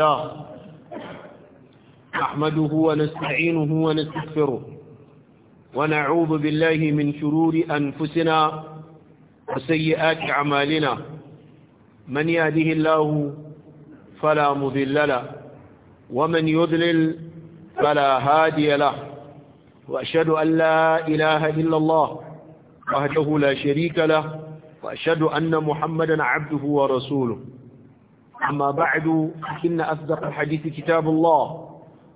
الله نحمده ونستعينه ونستغفره ونعوذ بالله من شرور أنفسنا وسيئات أعمالنا من يهده الله فلا مذل له ومن يذلل فلا هادي له وأشهد أن لا إله إلا الله وهده لا شريك له وأشهد أن محمدا عبده ورسوله أما بعد إن أصدق الحديث كتاب الله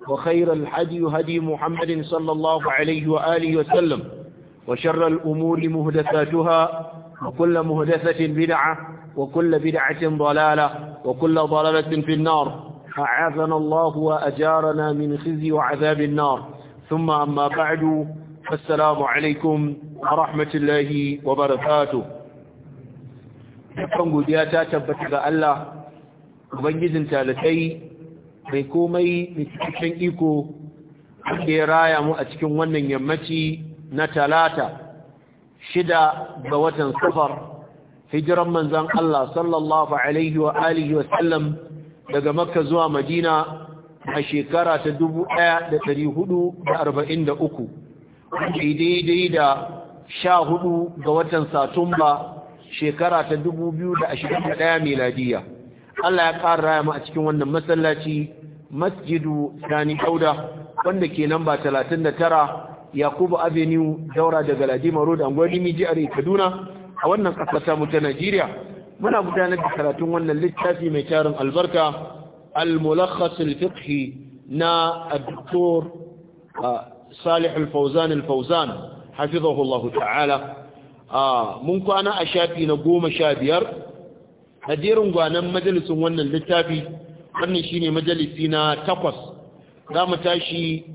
وخير الحدي هدي محمد صلى الله عليه وآله وسلم وشر الأمور مهدثاتها وكل مهدثة بدعة وكل بدعة ضلالة وكل ضلالة في النار أعاذنا الله وأجارنا من خزي وعذاب النار ثم أما بعد فالسلام عليكم ورحمة الله وبركاته. Dukkan godiya ta tabbata Allah ubangijin talatai mai komai mai cikakken iko ake ya raya mu a cikin wannan yammaci na talata shida ga watan safar hijiran manzan Allah sallallahu alaihi wa alihi wa sallam daga makka zuwa madina a shekara ta 1443 daidai da sha hudu ga watan satumba shekara ta 2021 miladiya Allah ya ƙara raya mu a cikin wannan masallaci masjidu sani dauda wanda ke namba 39 yakubu avenue daura daga ladima road angwani miji are kaduna a wannan ƙasa ta mu ta najeriya muna gudanar da karatun wannan littafi mai tarin albarka al-mulakhas al-fiqhi na al-doktor salih al-fawzan al-fawzan hafizahu Allah ta'ala mun kwana a shafi na goma sha biyar a jerin gwanan majalisun wannan littafi wannan shine majalisi na takwas za mu tashi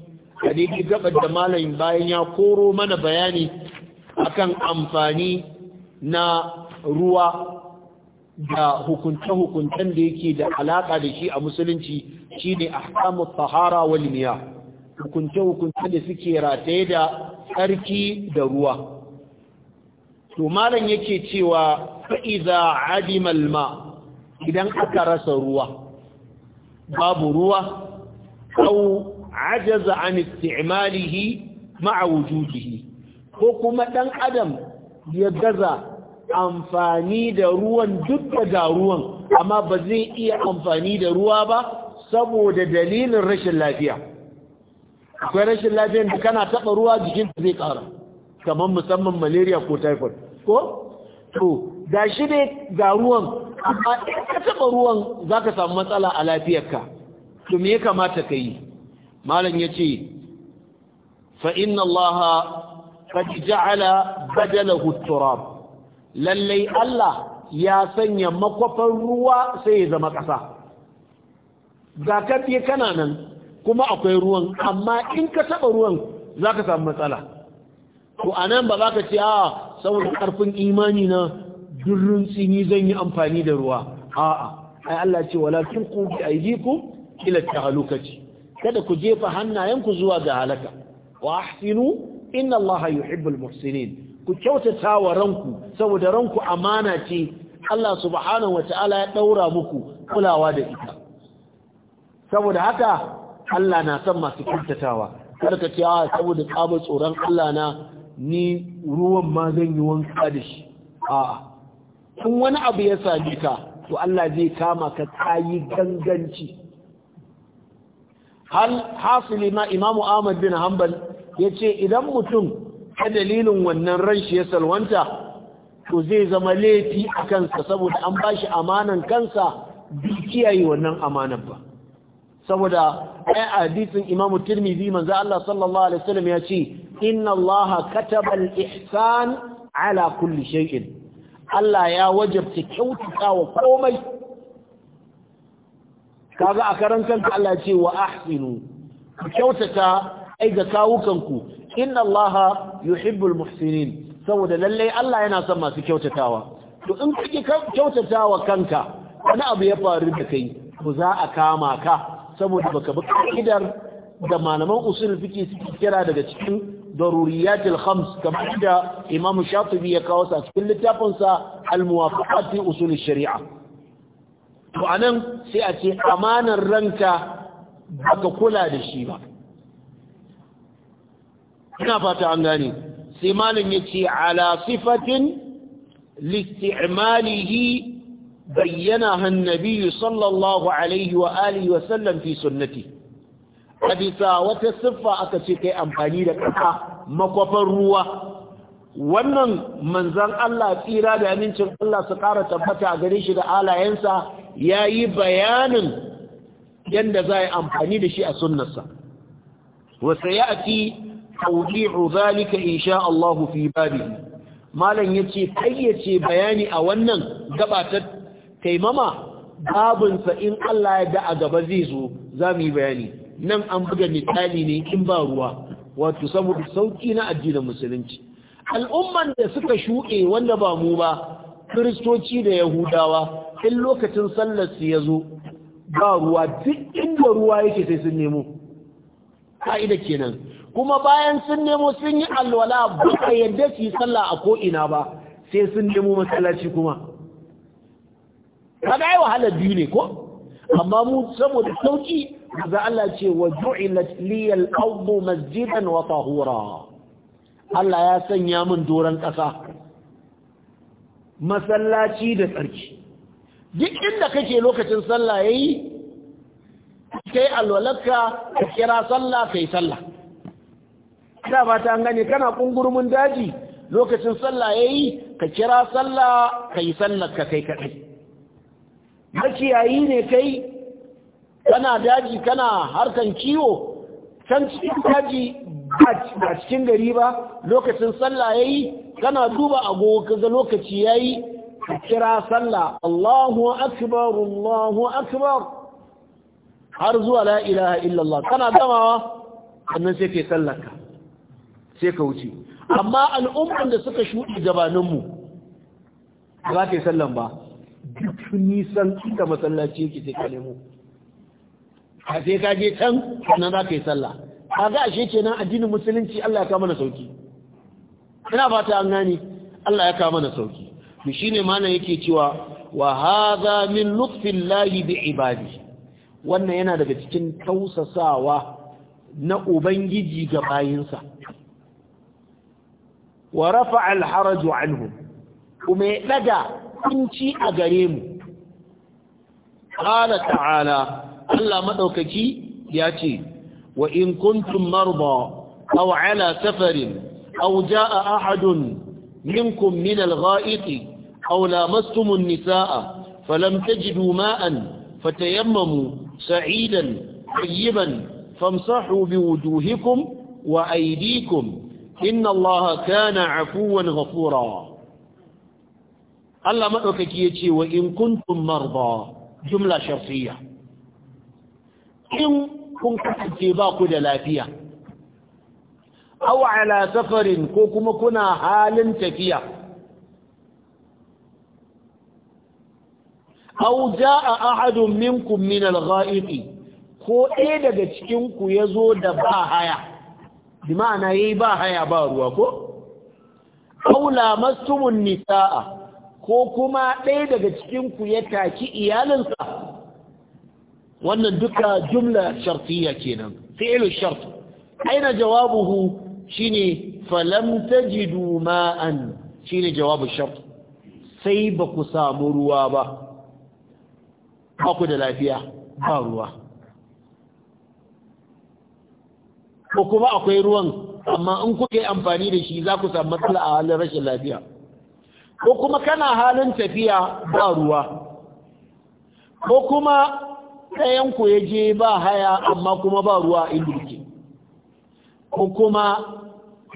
a daidai gabar da malamin bayan ya koro mana bayani akan amfani na ruwa da hukunce-hukuncen da yake da alaƙa da shi a musulunci shi ne a hamun tahara walmiya hukunce hukuncen da suke rataye da tsarki da ruwa to malam yake cewa fa'iza adimal ma idan aka rasa ruwa babu ruwa au ajaza an istimalihi ma'a wujudihi ko kuma ɗan adam ya gaza amfani da ruwan duk da ruwan amma ba zai iya amfani da ruwa ba saboda dalilin rashin lafiya akwai rashin lafiyar da kana taɓa ruwa jikin zai ƙara kamar musamman malaria ko typhoid ko to shi ne ga ruwan amma in ka taba ruwan za ka samu matsala a lafiyarka to me ya kamata ka yi malam yace fa inna allaha kaji ja'ala badalahu turab lallai allah ya sanya makwafan ruwa sai ya zama kasa ga kafiye kana nan kuma akwai ruwan amma in ka taba ruwan za ka samu matsala to anan ba za ka ce a saboda karfin imani na durrun tsini zan yi amfani da ruwa a'a ai Allah ce walakin ku bi aydikum ila tahlukati kada ku jefa hannayenku zuwa ga halaka wa ahsinu inna Allah yuhibbul muhsinin ku kyautata wa ranku saboda ranku amana ce Allah subhanahu wataala ya daura muku kulawa da ita saboda haka Allah na san masu kyautatawa kada ka ce a saboda tsaba tsoron Allah na ni ruwan ma zan yi wanka da shi a'a in wani abu ya sami ka to Allah zai kama ka kayi ganganci hal hasili ma imamu Ahmad bin Hanbal yace idan mutum ta dalilin wannan ran shi ya salwanta to zai zama laifi a kansa saboda an bashi amanan kansa bi kiyaye wannan amanan ba saboda ai hadisin Imam tirmizi manzo Allah sallallahu alaihi wasallam ya ce inna Allah kataba al-ihsan ala kulli shay'in Allah ya wajabta kyautatawa komai kaga a karan kanka Allah ya ce wa ahsinu kyautata ai ga kawukanku inna Allah yuhibbul muhsinin saboda lalle Allah yana son masu kyautatawa to in kike kyautatawa kanka wani abu ya faru da kai ku za a kama ka saboda baka bi ka'idar da malaman usul suke kira daga cikin daruriyatil khams kamar da Imam Shatibi ya kawo sa cikin littafin sa al-muwafaqat usul sharia to anan sai a ce amanar ranka baka kula da shi ba ina fata an gane sai malam yace ala sifatin li isti'malihi بينها النبي صلى الله عليه وآله وسلم في سنته حديثا وتصفى أكتشك أمباني لكتا مقفى الروى wannan manzan Allah tsira da amincin Allah su ƙara tabbata a gare shi da alayensa ya yi bayanin yadda za a yi amfani da shi a sunnarsa Wasu ya ati taudi'u zalika insha Allahu fi babi malam yace ce bayani a wannan gabatar. taimama babinsa in Allah ya da a gaba zai zo za mu yi bayani nan an buga misali ne in ba ruwa wato saboda sauki na addinin musulunci al'umman da suka shuɗe wanda ba mu ba kiristoci da yahudawa in lokacin sallar su ya zo ba ruwa duk inda ruwa yake sai sun nemo ka'ida kenan kuma bayan sun nemo sun yi alwala ba a yadda su yi sallah a ko'ina ba sai sun nemo masallaci kuma kaga ai wahalar biyu ne ko amma mu saboda sauki za Allah ce wa ju'ilat liyal ardu masjidan wa tahura Allah ya sanya min doran kasa masallaci da tsarki duk inda kake lokacin sallah yayi kai alwalaka ka kira sallah kai sallah da ba ta gane kana kungurumin daji lokacin sallah yayi ka kira sallah kai sallah ka kai kadai makiyayi ne kai kana daji kana harkan kiwo can cikin daji ba cikin gari ba lokacin sallah yi kana duba agogo kaga lokaci ya yayi kira sallah Allahu akbar Allahu akbar har zuwa la ilaha illallah kana damawa? sannan sai ke ka sai ka wuce amma al'umman da suka shuɗi gabaninmu ba ta yi sallan ba duk nisan ita masallaci yake sai ka nemo a sai ka je can sannan za ka yi sallah a ga ashe kenan addinin musulunci Allah ya kawo mana sauki ina fata an gani Allah ya kawo mana sauki to shine malam yake cewa wa hadha min da bi ibadi wannan yana daga cikin tausasawa na ubangiji ga bayinsa wa rafa al-haraj anhum kuma ya daga kunci a gare mu qala ta'ala Allah madaukaki ya ce wa in kuntum marba aw ala safarin aw jaa ahadun minkum min al-gha'iti aw lamastum an-nisaa falam tajidu ma'an fatayammamu sa'idan tayyiban famsahu biwujuhikum wa aydikum inna allaha kana 'afuwan ghafura Allah maɗaukaki ya ce wa in kuntum marba jumla sharfiya in kun kasance ba ku da lafiya aw ala safarin ko kuma kuna halin tafiya aw jaa ahadun minkum min al-gha'iqi ko ɗaya daga cikin ku yazo da ba haya bi ma'ana yayi ba haya ba ruwa ko aula lamastumun nisaa ko kuma ɗaya daga cikinku ya taki iyalinsa wannan duka jumla shartiya kenan fi'lu shart aina jawabuhu shine falam tajidu ma'an shine jawabu shart sai ba ku samu ruwa ba ba ku da lafiya ba ruwa ko kuma akwai ruwan amma in kuka yi amfani da shi za ku samu matsala a halin rashin lafiya ko kuma kana halin tafiya ba ruwa ko kuma ɗayanku ya je ba haya amma kuma ba ruwa inda yake ko kuma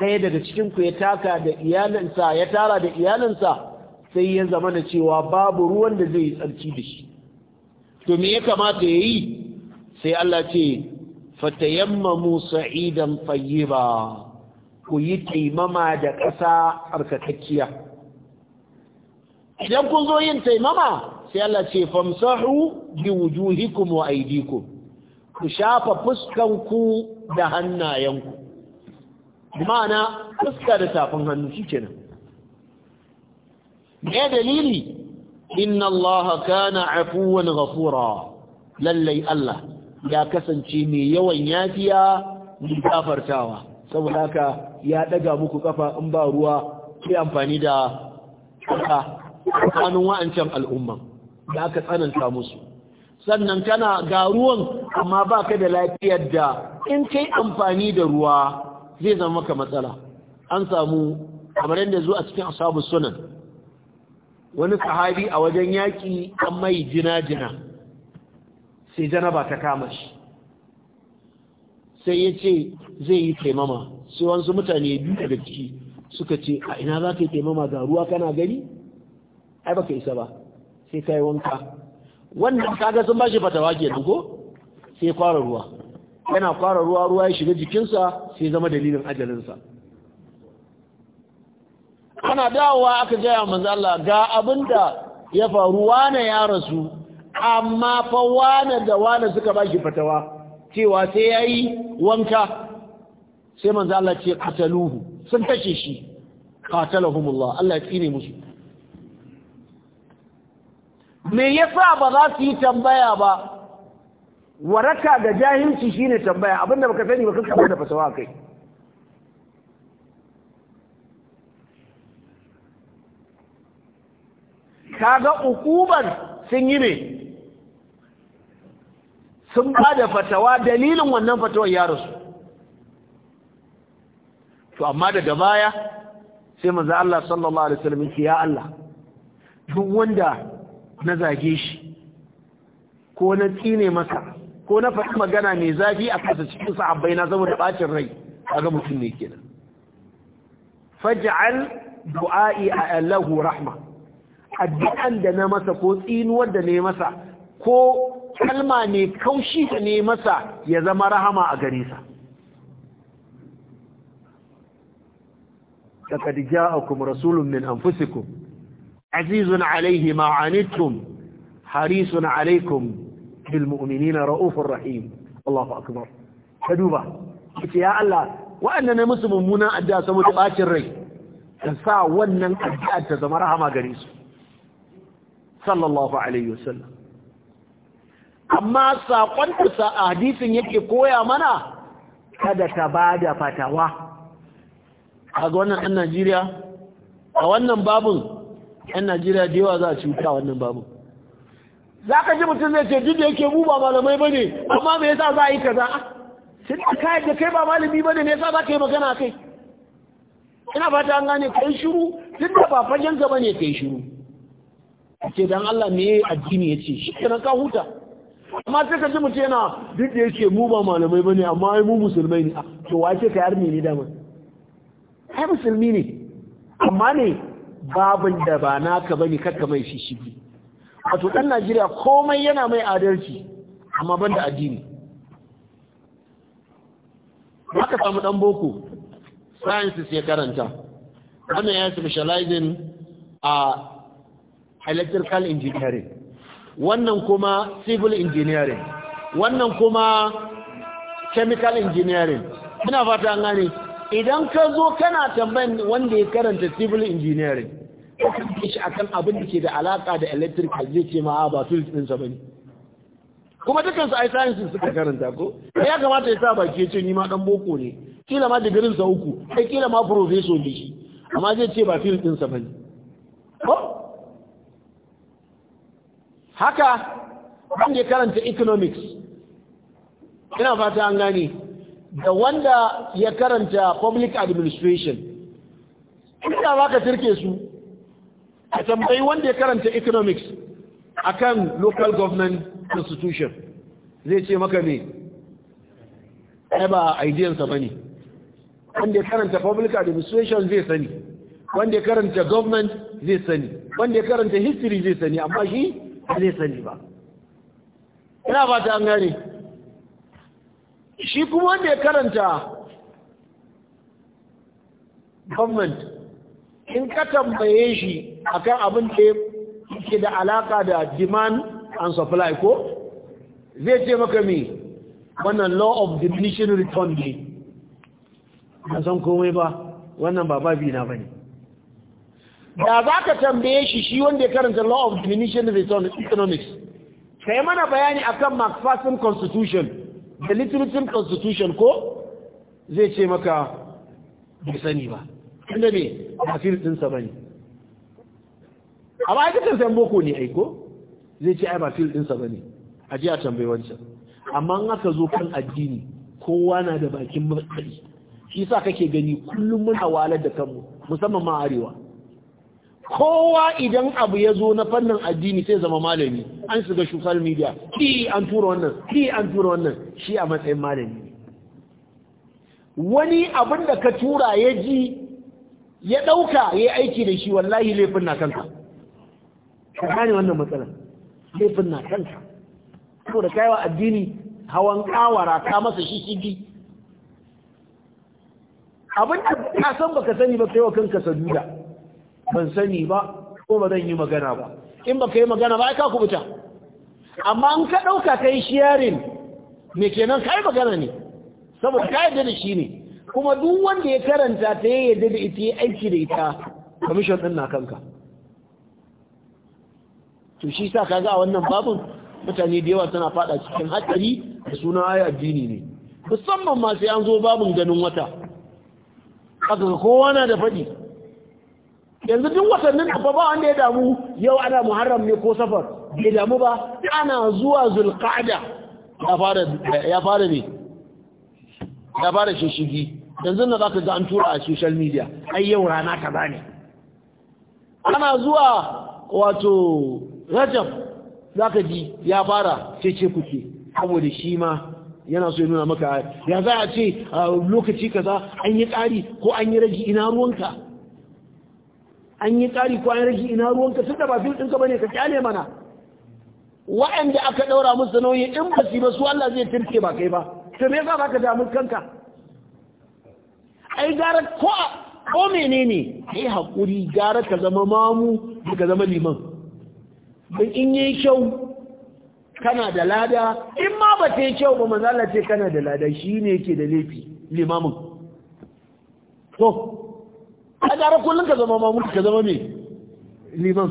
ɗaya daga cikinku ya taka da iyalinsa ya tara da iyalinsa sai ya zama da cewa babu ruwan da zai tsarki da shi to me ya kamata ya yi sai Allah ce mu sa'idan fayyiba ku yi taimama da ƙasa arkakakkiya idan kun zo yin taimama sai Allah ce famsahu bi wujuhikum wa aydikum ku shafa fuskanku da hannayenku ma'ana fuska da tafin hannu shikenan me dalili inna Allah kana afuwan ghafura lallai Allah ya kasance mai yawan yafiya mai gafartawa saboda haka ya daga muku kafa in ba ruwa sai amfani da kafa tsakanin wa'ancan al'umma da aka tsananta musu sannan tana ga ruwan amma ba ka da lafiyar da in kai amfani da ruwa zai zama maka matsala an samu kamar yadda zuwa cikin asabu sunan wani sahabi a wajen yaƙi an mai jina-jina sai ba ta kama shi sai ya ce zai yi taimama sai wanzu mutane biyu daga ciki suka ce a ina za ka yi taimama ga ruwa kana gani ai baka isa ba sai kai wanka wannan kaga sun bashi fatawa ke ko sai fara ruwa yana fara ruwa ruwa ya shiga jikinsa sai zama dalilin ajalinsa ana dawowa aka gaya manzo Allah ga abinda ya faru wane ya rasu amma fa wane da wane suka ba shi fatawa cewa sai yayi wanka sai manzo Allah ce qataluhu sun kashe shi qatalahumullah Allah ya tsine musu me yasa ba za su yi tambaya ba waraka da jahilci shine tambaya abinda baka sani ba kanka da fasawa kai kaga ukubar sun yi ne sun ba da fatawa dalilin wannan fatawar ya rasu to amma daga baya sai maza Allah sallallahu alaihi wasallam ya Allah duk wanda na zage shi ko na tsine masa ko na faɗi magana mai zafi a kasa cikin sahabbai na da bacin rai a ga mutum ne kenan faj'al du'a'i allahu rahma addu'an da na masa ko tsinuwar da ne masa ko kalma ne kaushi da ne masa ya zama rahama a gare sa laqad ja'akum rasulun min anfusikum azizun alaihi ma anittum harisun alaikum bil mu'minina raufur rahim Allahu akbar ka duba ya Allah wa'annan musu mummunan addu'a saboda bacin rai ka sa wannan addu'a ta zama rahama gare su sallallahu alaihi amma sakon sa a hadisin yake koya mana kada ba bada fatawa a wannan ɗan Najeriya a wannan babun yan najeriya da yawa za a cuta wannan babu za ka ji mutum zai ce duk da yake mu ba malamai ba ne amma me yasa za a yi a ah, sai da ka da kai ba malami ba ne me yasa za ka yi magana kai ina fata an gane kai shiru duk da ba fagen gaba ne kai shiru ce dan Allah me addini ya ce shi kana ka huta amma sai ka ji mutum yana duk da yake mu ba malamai ba ne amma ai mu musulmai ne ah, to wace kai arni ne dama ai musulmi ne amma ne babin da ba naka bane kakka mai shishigi wato dan Najeriya komai yana mai adalci amma banda addini haka samu dan boko sciences ya karanta wannan ya specializing a electrical engineering wannan kuma civil engineering wannan kuma chemical engineering ina fata an gane idan ka zo kana tambayan wanda ya karanta civil engineering ka shi akan abin da ke da alaka da electric zai ce ma ah, ba tools din sa bane kuma dukkan su ai sciences suka karanta ko ya kamata ya sa baki ya ce ni ma dan boko ne kila ma digirin sa uku kai kila ma professor ne shi amma zai ce ba field din sa bane ko haka wanda ya karanta economics ina fata an gane da wanda ya karanta public administration inda za ka turke su a tambayi wanda ya karanta economics akan local government constitution zai ce maka ne ai ba ideansa ba ne wanda ya karanta public administration zai sani wanda ya karanta government zai sani wanda ya karanta history zai sani amma shi zai sani ba ina ba ta an gane shi kuma wanda ya karanta government in ka tambaye shi akan abin da ke da alaka da demand and supply ko zai ce maka mi wannan law of diminishing return ne ba san komai ba wannan ba babi na bane da za ka tambaye shi shi wanda ya karanta law of diminishing return economics sai mana bayani akan macpherson constitution da literature constitution ko zai ce maka bai sani ba inda ne ba fil ɗinsa ba ne a ma'aikatar san boko ne aiko zai ce ai ba fil ɗinsa ba ne a ji a tambayi wancan amma in aka zo kan addini kowa na da bakin matsayi shi sa kake gani kullum muna walar da kanmu musamman ma arewa kowa idan abu ya zo na fannin addini sai zama malami an shiga social media ki an tura wannan ki an tura wannan shi a matsayin malami wani abin da ka tura ya ji ya ɗauka ya aiki da shi wallahi laifin na kanka ka gane wannan matsalar laifin na kanka ko da kaiwa addini hawan kawara ka masa shi shi abin da ka san baka sani ba kaiwa wa kanka saduda ban sani ba ko ba zan yi magana ba in ba ka yi magana ba ka kubuta amma an ka ɗauka ka yi shiyarin me kenan ka yi magana ne saboda ka yadda da shi ne kuma duk wanda ya karanta ta ya da ita ya aiki da ita kamishon ɗin na kanka to shi sa kaga a wannan babun mutane da yawa suna fada cikin hatsari da suna ayi addini ne musamman ma sai an zo babin ganin wata kaga kowa na da faɗi yanzu duk watannin da ba wanda ya damu yau ana muharram ne ko safar bai damu ba ana zuwa zulqa'da ya fara ne ya fara shishigi yanzu na zaka ga an tura a social media ai yau rana ka ne ana zuwa wato rajab zaka ji ya fara cece kuke saboda shi ma yana so ya nuna maka ya za a ce lokaci kaza an yi ƙari ko an yi ragi ina ruwanka an yi tsari ko an rage ina ruwanka Sun da ba fil ɗinka bane ka kyale mana wa'anda aka ɗaura musu nauyi in ba su ba su Allah zai turke ba kai ba to me yasa baka damu kanka ai gara ko ko menene kai hakuri gara ka zama mamu ka zama liman dan in yi kyau kana da lada in ma ba ta yi kyau ba manzo Allah ce kana da lada shine yake da laifi limamin to a gara kullum ka zama mamu ka zama mai. liman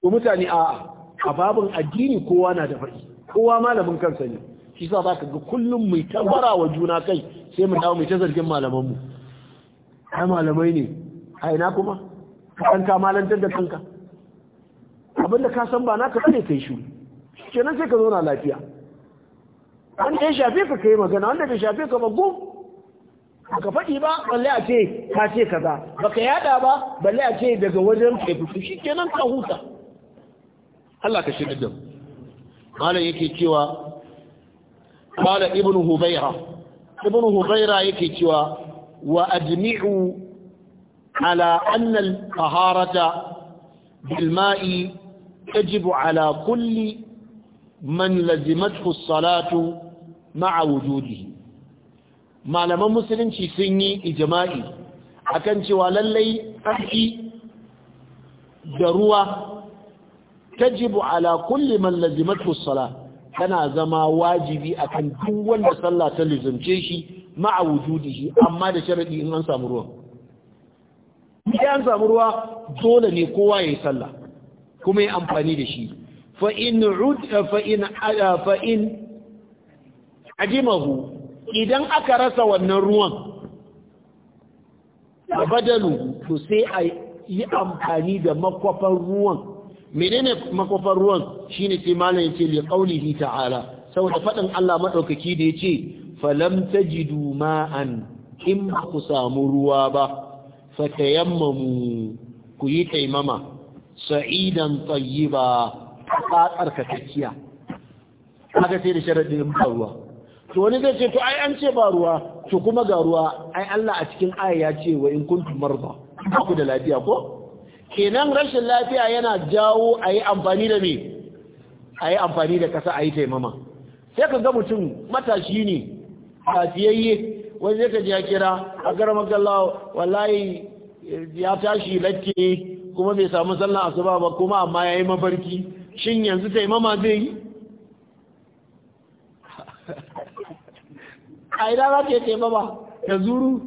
ko mutane a a babin addini kowa na da faɗi kowa malamin kansa ne shi sa ka ga kullum mai tabara wa juna kai sai mu dawo mai ta zargin malamanmu ai malamai ne a ina kuma Ka ka malantar da kanka abinda ka san ba ka bane kai shi kenan sai ka zo na lafiya an ya shafe ka kai magana wanda bai shafe ka ba gum baka faɗi ba balle a ce ka ce kaza baka yada ba balle a ce daga wajen kai shi shikenan ka huta Allah ka shirya da malam yake cewa qala ibn hubayra ibn hubayra yake cewa wa ajmi'u ala anna al-taharata bil ma'i tajibu ala kulli man lazimatuhu as-salatu ma'a wujudihi malaman musulunci sun yi ijima'i akan cewa lallai tsarki da ruwa tajibu ala kulli man lazimatu sala tana zama wajibi akan duk wanda sallah ta lazimce shi ma'a wujudihi amma da sharadi in an samu ruwa idan an samu ruwa dole ne kowa yayi sallah kuma yi amfani da shi fa in ud fa in fa in ajimahu idan aka rasa wannan ruwan da badalu to sai a yi amfani da makwafan ruwan menene makwafan ruwan Shi shine sai malam yace li qaulihi ta'ala saboda faɗin Allah maɗaukaki da yace falam ji ma'an in ba ku samu ruwa ba fatayammamu ku yi taimama sa'idan ba. ka tsarkakakkiya haka sai da sharaɗin ruwa to wani zai ce to ai an ce ba ruwa to kuma ga ruwa ai Allah a cikin aya ya ce wa in kuntum marba ku da lafiya ko kenan rashin lafiya yana jawo ayi amfani da me ai amfani da kasa ayi taimama sai ka ga mutum matashi ne lafiyayye wani zai ka ya kira a garama gallawa wallahi ya tashi lakke kuma bai samu sallan asuba ba kuma amma yayi mafarki shin yanzu taimama zai yi ƙa'ida ina za ta yi taimama ya zuru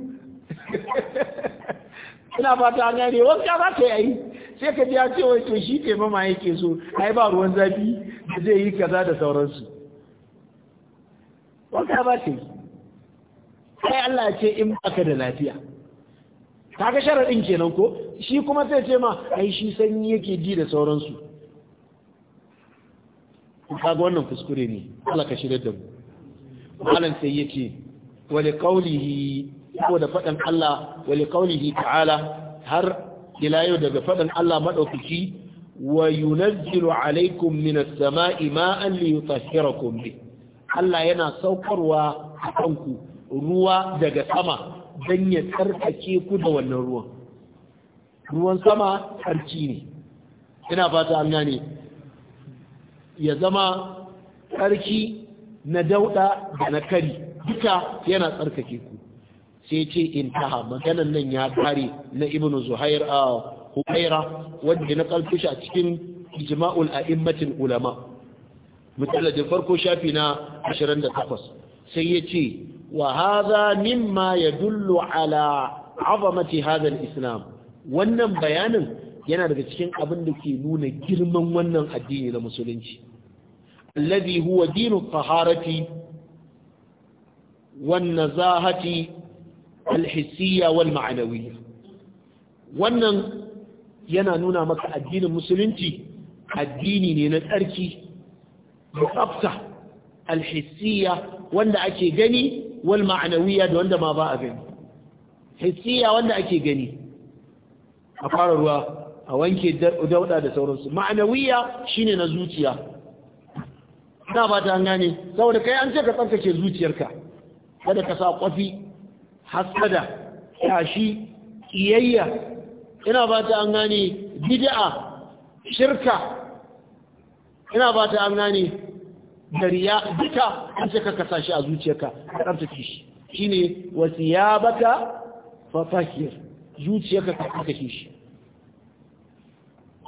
ina fata wasu ya za ta yi sai ka ji ya ce wai to shi taimama yake so ai ba ruwan zafi da zai yi kaza da sauransu wanka ba ta yi sai Allah ce in ba ka da lafiya ta kaga sharaɗin kenan ko shi kuma sai ce ma ai shi sanyi yake ji da sauransu ga wannan kuskure ne Allah ka shirya da mu malam sai yake wali qawlihi da fadan Allah wali qawlihi ta'ala har ila yau daga faɗin Allah madaukaki wa yunazzilu alaykum minas sama'i ma'an liyutahhirakum bi Allah yana saukarwa a kanku ruwa daga sama dan ya tsarkake ku da wannan ruwan ruwan sama tsarki ne ina fata an ne. ya zama tsarki na dauda da na kari duka yana tsarkake ku sai ce intaha maganan nan ya kare na ibnu zuhair a hukaira wanda na kalfishi a cikin ijma'ul a'immatin ulama mujalladin farko shafi na 28 sai ya ce wa hadha mimma yadullu ala azamati hadha islam wannan bayanin yana daga cikin abin da ke nuna girman wannan addini na musulunci alladhi huwa dinu taharati والنزاهة الحسية والمعنوية wannan yana nuna maka addinin musulunci addini ne na tsarki da tsafta alhissiya wanda ake gani wal ma'anawiya da wanda ma ba a gani hissiya wanda ake gani a fara ruwa a wanke dauda da sauransu ma'anawiya shine na zuciya na ba ta gane saboda kai an ce ka tsarkake zuciyarka kada ka sa kwafi hasada yashi kiyayya ina ba ta an gane bid'a shirka ina ba ta an gane dariya duka an ce ka kasa shi a zuciyarka ka tsarkake shi shine wasiyabaka fatahir zuciyarka ka tsarkake shi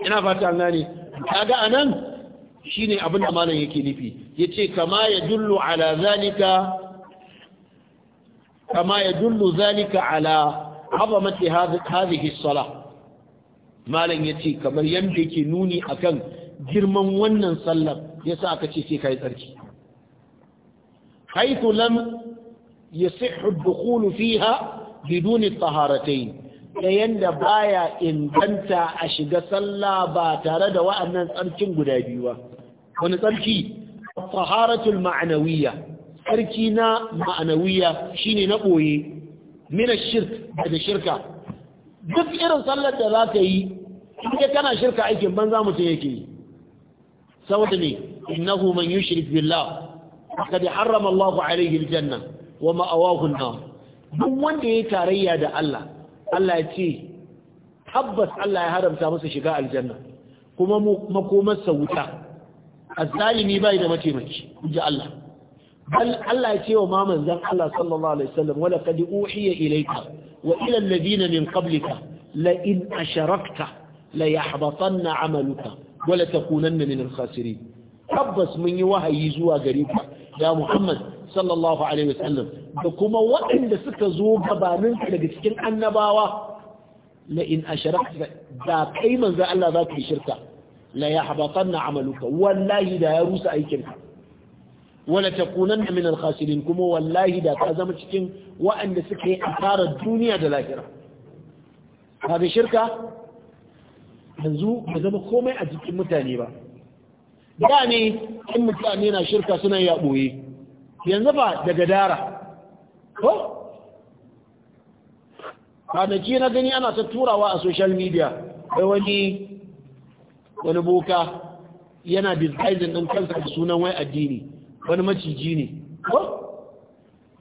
ina fata an gane kaga anan shine abin da malam yake nufi yace kama ya ala zalika kama yadullu zalika ala azamati hadhihi as-salah malam yace kamar yanda yake nuni akan girman wannan sallar yasa aka ce sai kai tsarki haythu lam yasihhu ad-dukhul fiha biduni at-taharatayn da yanda baya inganta a shiga sallah ba tare da wa'annan tsarkin guda biyu ba wani tsarki taharatul ma'anawiyya tsarki na ma'anawiya shine na ɓoye mina shirk daga shirka duk irin sallar da za ka yi in kana shirka aikin banza mutum yake yi saboda ne innahu man yushrik billah faqad harrama Allahu alayhi aljanna wa ma'awahu an-nar duk wanda yayi tarayya da Allah Allah ya ce tabbas Allah ya haramta masa shiga aljanna kuma makomarsa wuta azzalimi bai da mataimaki inji Allah bal Allah ya ce wa ma manzon Allah sallallahu alaihi wasallam wala qad uhiya ilayka wa ila alladhina min qablika la in asharakta amaluka wa la takunanna min tabbas mun yi wahayi zuwa gare ka Muhammad sallallahu alaihi wasallam da kuma waɗanda suka zo gabanin daga cikin annabawa la in da kai Allah za yi shirka amaluka wallahi da ya rusa aikinka wala takunan min al-khasirin kuma wallahi da ka zama cikin wa'anda suka yi asarar duniya da lahira da shirka yanzu ba zama komai a jikin mutane ba da ne in mutane na shirka suna ya boye yanzu ba daga dara ko kwanaki na gani ana ta turawa a social media da wani wani boka yana disguising ɗin kansa da sunan wai addini wani maciji ne ko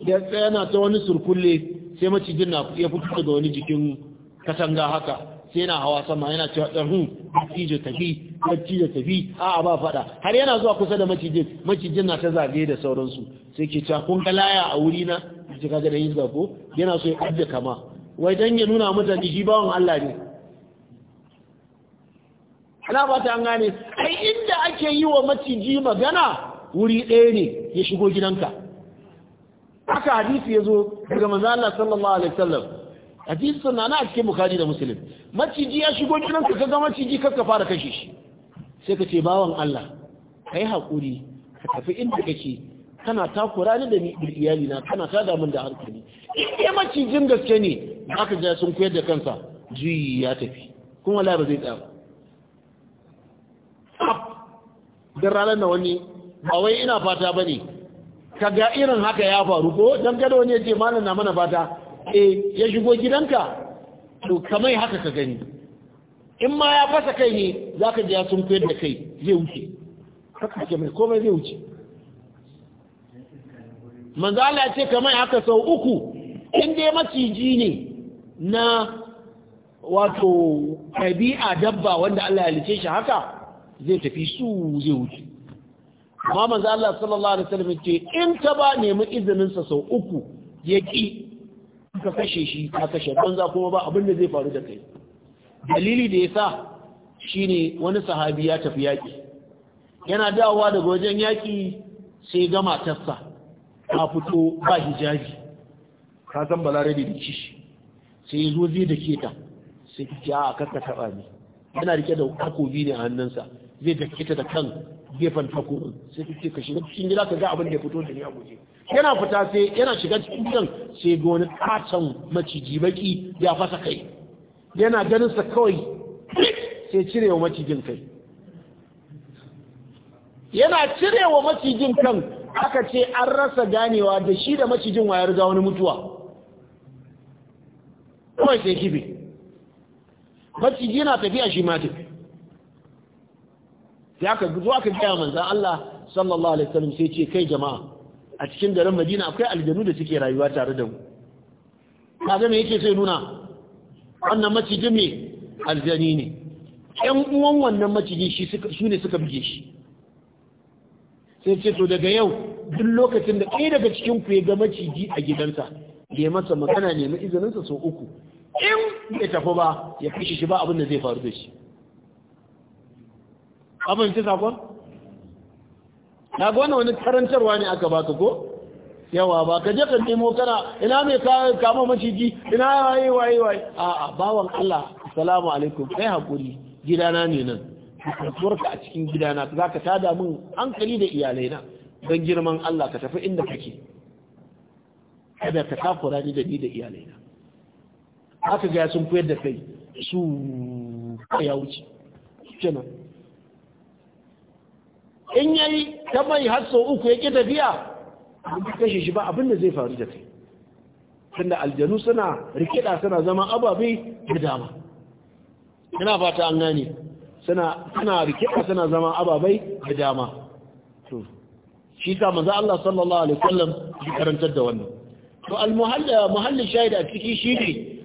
da tsaya na ta wani surkulle sai macijin na ya fito daga wani jikin katanga haka sai yana hawa sama yana cewa ɗarhun macijo hmm, tafi macijo tafi a ba faɗa har yana zuwa kusa da macijin macijin na ta zage da sauransu sai ke cewa kun galaya a wuri na ji da yin zafo yana so ya ƙadda kama wai dan ya nuna mutane shi bawan Allah ne ana ba ta an gane ai inda ake yi wa maciji magana wuri ɗaya ne ya shigo gidanka Aka hadisi ya zo daga manzo Allah sallallahu alaihi wasallam hadisi sannan na a cikin bukhari da muslim maciji ya shigo gidanka kaga maciji ka fara kashe shi sai ka ce bawan Allah kai hakuri ka tafi inda kake kana takura ni da ni iyali na kana ta min da hankali in dai macijin gaske ne aka ga sun koyar da kansa juyi ya tafi kuma la ba zai tsaya ba dan ranar da wani ba wai ina fata ba ne ka ga irin haka ya faru ko don gado wani ya ce malam na mana fata eh ya shigo gidanka to kamai haka ka gani in ma ya fasa kai ne za ka ji ya sun koyar da kai zai wuce haka ke mai komai zai wuce manzo Allah ce kamai haka sau uku in dai maciji ne na wato ɗabi'a dabba wanda Allah ya lice shi haka zai tafi su zai wuce amma manzo Allah sallallahu alaihi wasallam ce in ta ba nemi izinin sa sau uku ya ki ka kashe shi ka kashe banza kuma ba abin da zai faru da kai dalili da yasa shine wani sahabi ya tafi yaki yana dawowa daga wajen yaki sai ga matarsa ta fito ba hijabi ka san balare da kishi sai zo zai da ke ta sai ki a karka taba ni yana rike da takobi ne a hannunsa zai dake ta da kan gefen tako sai kake ka shiga cikin gida ka ga abin da ya fito da ni a guje yana fita sai yana shiga cikin gidan sai ga wani katon maciji baki ya fasa kai yana ganin sa kawai sai cirewa macijin kai yana cirewa macijin kan aka ce an rasa ganewa da shi da macijin wayar ga wani mutuwa kawai sai kibe maciji na tafiya shi ma sai aka zo aka gaya manzan Allah sallallahu alaihi wasallam sai ce kai jama'a a cikin garin Madina akwai aljanu da suke rayuwa tare da mu kaga me yake sai nuna wannan maciji me aljani ne ɗan uwan wannan maciji shi suka su ne suka buge shi sai ce to daga yau duk lokacin da kai daga cikin ku ya ga maciji a gidansa ya masa magana ne izinin izininsa sau uku in bai tafi ba ya kashe shi ba abin da zai faru da shi abin ci sakon? na ga wani karantarwa ne aka baka ko? yawa ba ka je ka nemo kana ina mai kama maciji ina waye waye waye a a bawan Allah salamu alaikum kai hakuri gidana ne nan kasuwarka a cikin gidana za ka tada min hankali da iyalai na don girman Allah ka tafi inda kake kada ka kafura ni da ni da iyalai na haka ga sun koyar da kai su ya wuce kenan in yayi ta mai har sau uku ya ƙi tafiya an kashe shi ba abin da zai faru da kai tunda aljanu suna rikida suna zama ababe da dama ina fata an gane suna suna rikida suna zama ababai da dama to shi ta manzo Allah sallallahu alaihi wasallam ya karantar da wannan to al-muhalla muhalli shahid a ciki shine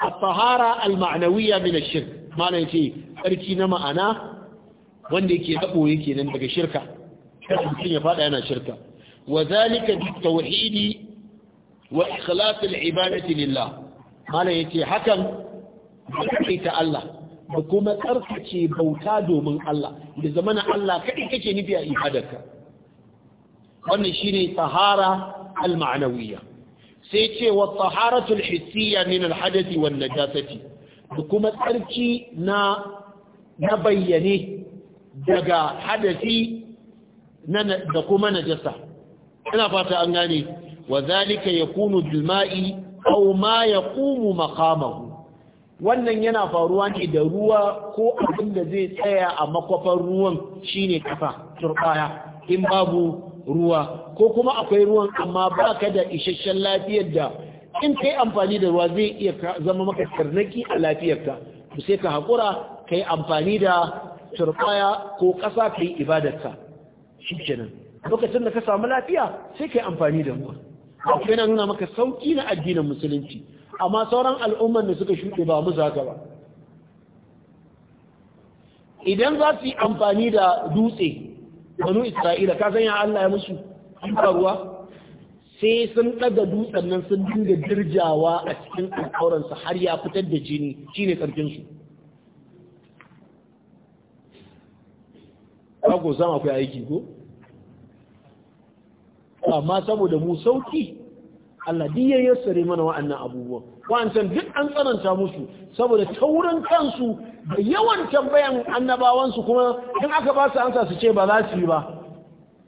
at-tahara al-ma'nawiyya min ash-shirk ma'ana yace tsarki na ma'ana wanda yake dabo yake nan daga shirka kada mutum ya fada yana shirka wa zalika bi tauhidi wa ikhlas al-ibadati lillah mala yace hakan ta Allah da kuma tsarkace bauta domin Allah da zamanin Allah kai kake nufi a ibadarka wannan shine tahara al-ma'nawiyya sai ce wa taharatu al-hissiyya min al-hadathi wan najasati da kuma tsarki na na bayyane daga hadafi da kuma najasa ina fata an gane wa zalika yakunu bil ma'i aw ma yaqumu maqamahu wannan yana faruwa ne da ruwa ko abin da zai tsaya a makofar ruwan shine kafa turbaya in babu ruwa ko kuma akwai ruwan amma baka da isasshen lafiyar da in kai amfani da ruwa zai iya zama maka karnaki a lafiyarka sai ka hakura ka amfani da turbaya ko ƙasa ka yi ibadarka shi kenan lokacin da ka samu lafiya sai ka yi amfani da ruwa kai na nuna maka sauƙi na addinin musulunci amma sauran al'ummar da suka shuɗe ba mu zaka ba idan za su yi amfani da dutse banu isra'ila ka zanya Allah ya musu ruwa sai sun ɗaga dutsen nan sun dinga dirjawa a cikin alƙawaransu har ya fitar da jini shine ƙarfinsu ba ku akwai aiki ko amma saboda mu sauki Allah duk ya yassare mana wa'annan abubuwa wa'ancan duk an tsananta musu saboda taurin kansu da yawan tambayan annabawansu kuma in aka ba su ansa su ce ba za su yi ba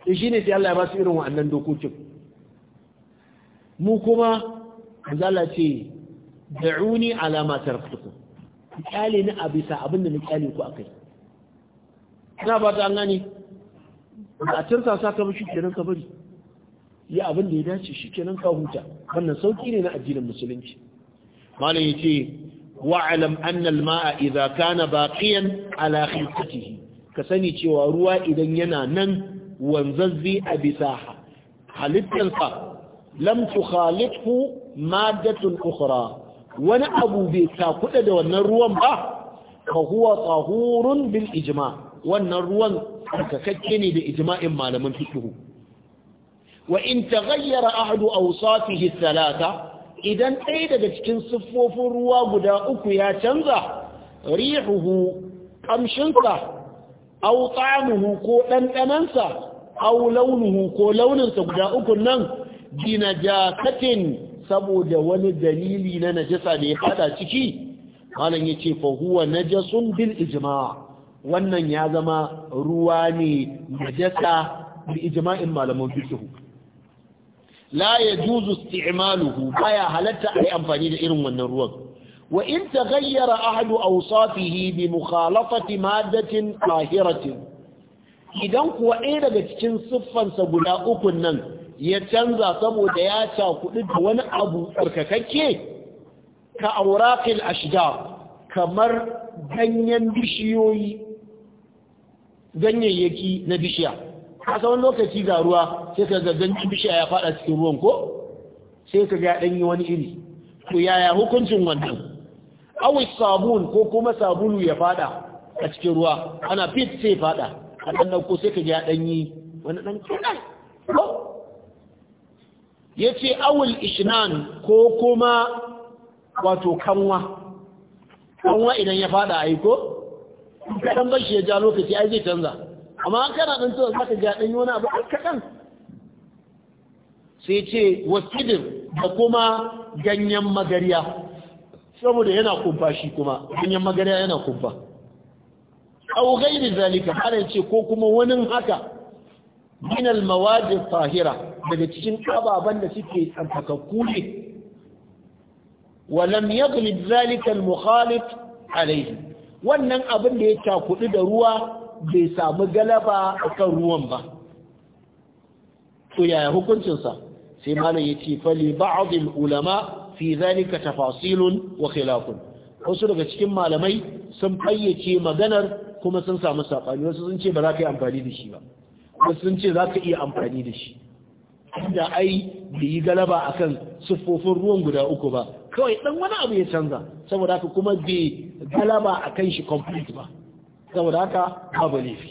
to eh, shine sai Allah ya ba su irin wa'annan dokokin mu kuma Allah ce da'uni ala ma taraktukum kyale ni a bisa abin da na kyale ku akai ina ba ta an gane a tirsa sa ka shi kenan ka bari ya abin da ya dace shi kenan ka huta wannan sauki ne na addinin musulunci malam yace wa'alam anna al-ma'a idza kana baqiyan ala khilqatihi ka sani cewa ruwa idan yana nan wanzazzi a bisa halittarsa lam tukhalifu madatun ukhra wani abu bai takuda da wannan ruwan ba ka huwa tahurun bil ijma' wannan ruwan tsarkakakke ne da ijma'in malaman fiqh wa in taghayyara ahadu awsafihi thalatha idan ɗaya daga cikin siffofin ruwa guda uku ya canza rihuhu kamshinsa aw ta'amuhu ko ɗanɗanansa aw launuhu ko launinsa guda uku nan binajasatin saboda wani dalili na najasa da ya fada ciki malam yace fa huwa najasun bil ijma' wannan ya zama ruwa ne majasa. da ijma'in malaman fiqh la yajuzu isti'maluhu baya halatta ai amfani da irin wannan ruwan wa in taghayyara ahadu awsafihi bi mukhalafati maddatin qahiratin idan kuwa ɗaya daga cikin siffansa guda ukun nan ya canza saboda ya cakuɗi da wani abu tsarkakakke ka auraqil shiga kamar ganyen bishiyoyi ganyayyaki na bishiya a tsawon lokaci ga ruwa sai ka ga ganyen bishiya ya fada cikin ruwan ko sai ka ga ɗanyi wani iri to yaya hukuncin wannan awis sabun ko kuma sabulu ya fada a cikin ruwa ana fit sai fada a ɗan ɗauko sai ka ga ɗanyi wani ɗan ko ya ce awul ishinan ko kuma wato kanwa kanwa idan ya fada aiko kaɗan ban shi ya ja lokaci ai zai canza amma kana ɗan tuwa zaka ga ɗan wani abu an kaɗan sai ce wasidin da kuma ganyen magariya saboda yana kumfa shi kuma ganyen magariya yana kumfa au gairi zalika har ce ko kuma wani haka min al mawadi tahira daga cikin ababan da suke tsantakakku ne ولم يغلب ذلك المخالط عليه wannan abin da ya cakudu da ruwa bai samu galaba a kan ruwan ba to yaya hukuncinsa sai malam ya ce fali ba'adil ulama fi zalika tafasilun wa khilafun wasu daga cikin malamai sun fayyace maganar kuma sun samu saɓani wasu sun ce ba za ka yi amfani da shi ba wasu sun ce za ka iya amfani da shi da ai bai yi galaba akan siffofin ruwan guda uku ba kawai ɗan wani abu ya canza saboda haka kuma bai galaba kan shi complete ba saboda haka babu laifi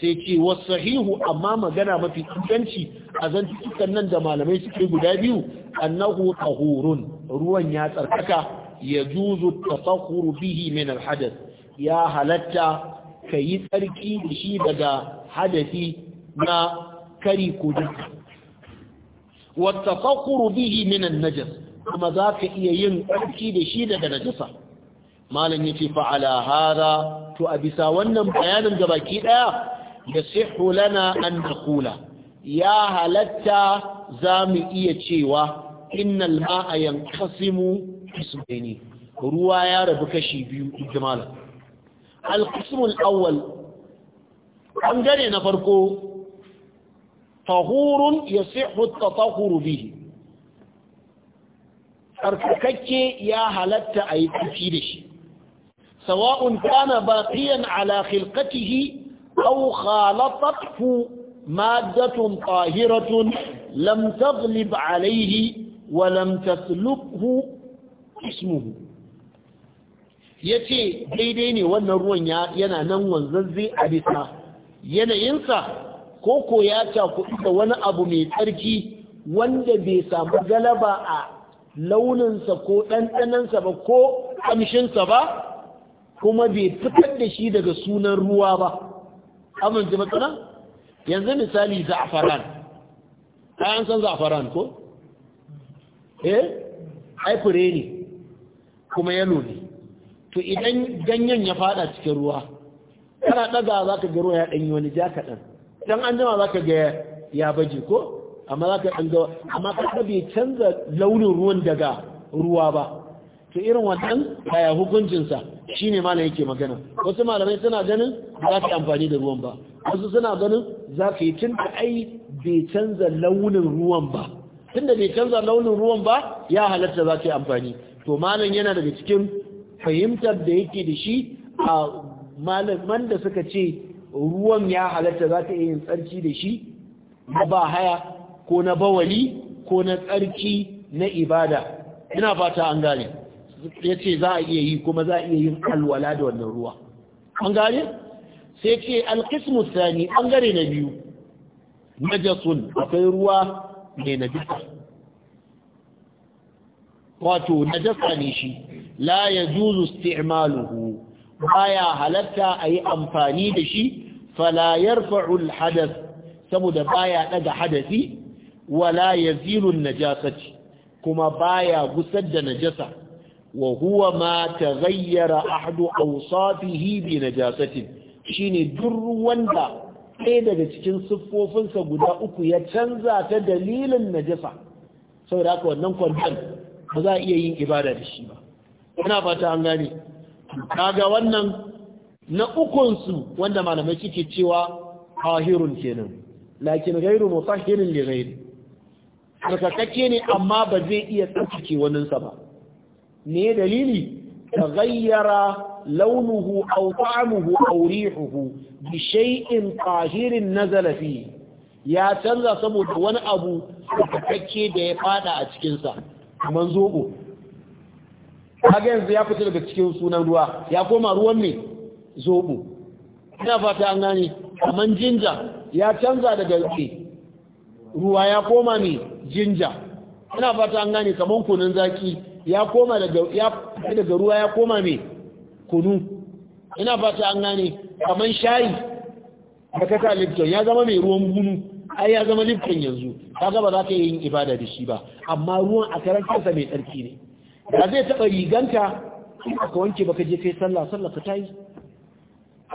sai ce wasahihu amma magana mafi inganci a dukkan nan da malamai suke guda biyu annahu tahurun ruwan ya tsarkaka ya juzu tasahuru bihi min alhadath ya halatta kayi tsarki da shi daga hadafi na kari kudi wa tasahuru bihi min an-najas kuma za ka iya yin tsarki da shi daga najasa malam yace fa ala hada to a bisa wannan bayanin ga baki daya yasihu lana an naqula ya halatta zamu iya cewa innal ma'a yanqasimu qismaini ruwa ya rabu kashi biyu ijmalan al-qismu al-awwal bangare na farko tahurun yasihu at-tatahuru bihi tsarkakakke ya halatta a yi tsarki da shi sawa'un kana baqiyan ala khilqatihi au khalatathu maddatun tahiratun lam alaihi alayhi wa lam taslubhu ismuhu yace daidai ne wannan ruwan yana nan wanzanzai a bisa yanayinsa ko ko ya cakuɗi da wani abu mai tsarki wanda bai samu galaba a launinsa ko ɗanɗanansa ba ko ƙamshinsa ba kuma bai fitar da shi daga sunan ruwa ba amince matsala yanzu misali za'afaran ayan san za'afaran ko eh ai fure ne kuma yalo ne to idan ganyen ya fada cikin ruwa kana daga za ka ga ruwa ya ɗanyi wani ja kaɗan don an jima za ka ga ya baje ko amma za ka ɗanga amma kaga bai canza launin ruwan daga ruwa ba to irin wannan kaya hukuncinsa shi ne malam yake magana wasu malamai suna ganin za ka yi amfani da ruwan ba wasu suna ganin za ka yi tun da ai bai canza launin ruwan ba tun da bai canza launin ruwan ba ya halatta za ka yi amfani to malam yana daga cikin fahimtar da yake da shi a malaman da suka ce ruwan ya halatta za ka yi tsarki da shi ba haya ko na bawali ko na tsarki na ibada ina fata an gane ya ce za a iya yi kuma za a iya yin alwala da wannan ruwa an gane sai ce alkismu sani ɓangare na biyu najasun akwai ruwa mai najasa wato najasa ne shi la ya juzu sti'maluhu baya halatta a yi amfani da shi fala yarfa'ul hadas. saboda baya daga hadasi wala yazilu najasati kuma baya gusar da najasa wa huwa ma taghayyara ahdu awsafihi bi najasati shine duk wanda sai daga cikin siffofinsa guda uku ya canza ta dalilin najasa saboda haka wannan kwanton ba za a iya yin ibada da shi ba ina fata an gane kaga wannan na ukunsu wanda malamai suke cewa tahirun kenan lakin ghairu mutahhirin li ghairi tsarkakakke ne amma ba zai iya tsakake waninsa ba ne dalili ta gayyara launuhu aw ta'amuhu aw rihuhu bi shay'in qahirin nazala fi ya canza saboda wani abu tsarkakakke da ya fada a cikinsa kaman zobo yanzu ya fita daga cikin sunan ruwa ya koma ruwan ne zobo ina fata an gane kaman jinja ya canza daga rufe ruwa ya koma mai jinja ina fata an gane kamar kunun zaki ya koma daga ruwa ya koma mai kunu ina fata an gane kamar shayi da kaka lipton ya zama mai ruwan gunu ai ya zama lipton yanzu ta ba za ka yi yin ibada da shi ba amma ruwan a karan mai tsarki ne da zai taba riganta in ka wanke baka je kai sallah sallah ka yi.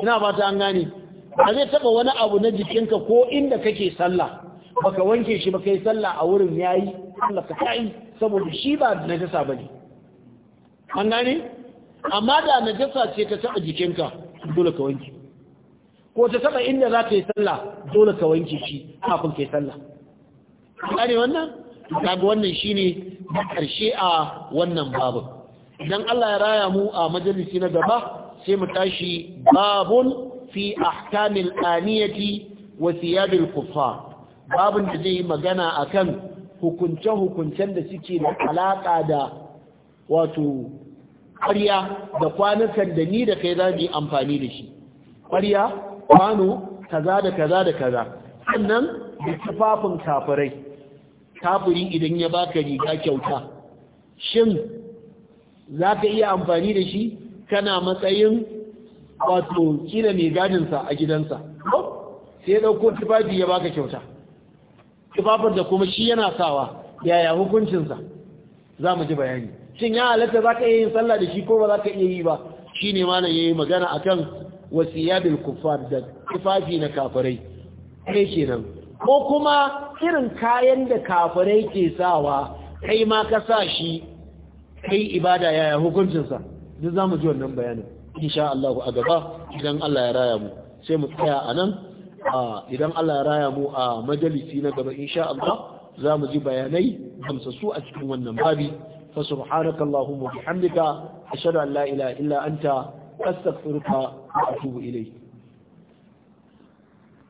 ina fata an gane ba zai taba wani abu na jikinka ko inda kake sallah baka wanke shi baka yi sallah a wurin yayi Allah ka saboda shi ba najasa bane an gane amma da najasa ce ta taba jikinka dole ka wanke ko ta taba inda za ka yi sallah dole ka wanke shi kafin ka yi sallah gane wannan kaga wannan shine karshe a wannan babu idan Allah ya raya mu a majalisi na gaba sai mu tashi babun fi ahkamil aniyati wa thiyabil kuffar babin da zai yi magana a kan hukunce-hukuncen da suke da alaƙa da wato ƙwarya da kwanukan da ni da kai za mu yi amfani da shi ƙwarya kwano kaza da kaza da kaza sannan da tufafin kafirai kafiri idan ya baka riga kyauta shin za ka iya amfani da shi kana matsayin wato kila mai gadinsa a gidansa sai ya ɗauko tufafi ya baka kyauta kifafar da kuma shi yana sawa yaya hukuncinsa za mu ji bayani shin ya halatta za ka iya yin sallah da shi ko ba za ka iya yi ba shi ne mana ya yi magana a kan wasiyabil kufar da kifafi na kafarai, kai kenan ko kuma irin kayan da kafirai ke sawa kai ma ka sa shi kai ibada yaya hukuncinsa duk za mu ji wannan bayanin insha Allah a gaba idan Allah ya raya mu sai mu tsaya a nan idan Allah ya raya mu a majalisi na gaba insha Allah za mu ji bayanai gamsassu a cikin wannan babi fa subhanaka allahumma bihamdika ashhadu an la ilaha illa anta astaghfiruka wa atubu ilayk